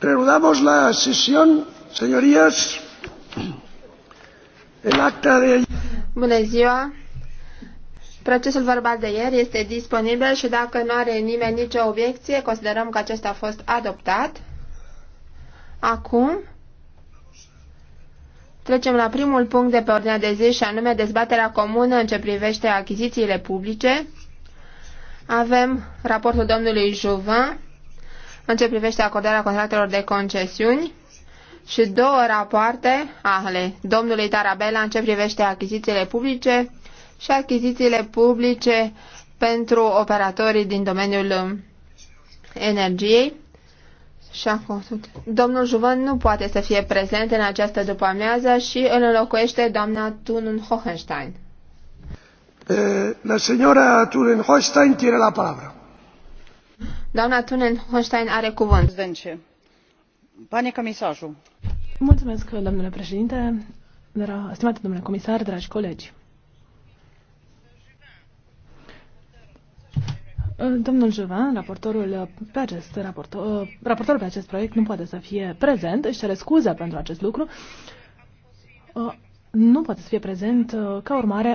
reanudamos la sesión señorías el acta de Bună ziua! Procesul verbal de ieri este disponibil și dacă nu are nimeni nicio obiecție, considerăm că acesta a fost adoptat. Acum trecem la primul punct de pe ordinea de zi și anume dezbaterea comună în ce privește achizițiile publice. Avem raportul domnului Juvin, în ce privește acordarea contractelor de concesiuni și două rapoarte ale domnului Tarabella în ce privește achizițiile publice și achizițiile publice pentru operatorii din domeniul energiei. Și domnul Juvan nu poate să fie prezent în această după-amiază și îl înlocuiește doamna Tunun Hohenstein. Eh, la señora Tunun Hohenstein tiene la palabra. Doamna Tunen Hohenstein are cuvânt. Pane comisarul. Mulțumesc, domnule președinte, stimate domnule comisar, dragi colegi. Domnul Juvan, raportorul acest, raportor, raportorul pe acest proiect, nu poate să fie prezent, își cere scuze pentru acest lucru. Nu poate să fie prezent ca urmare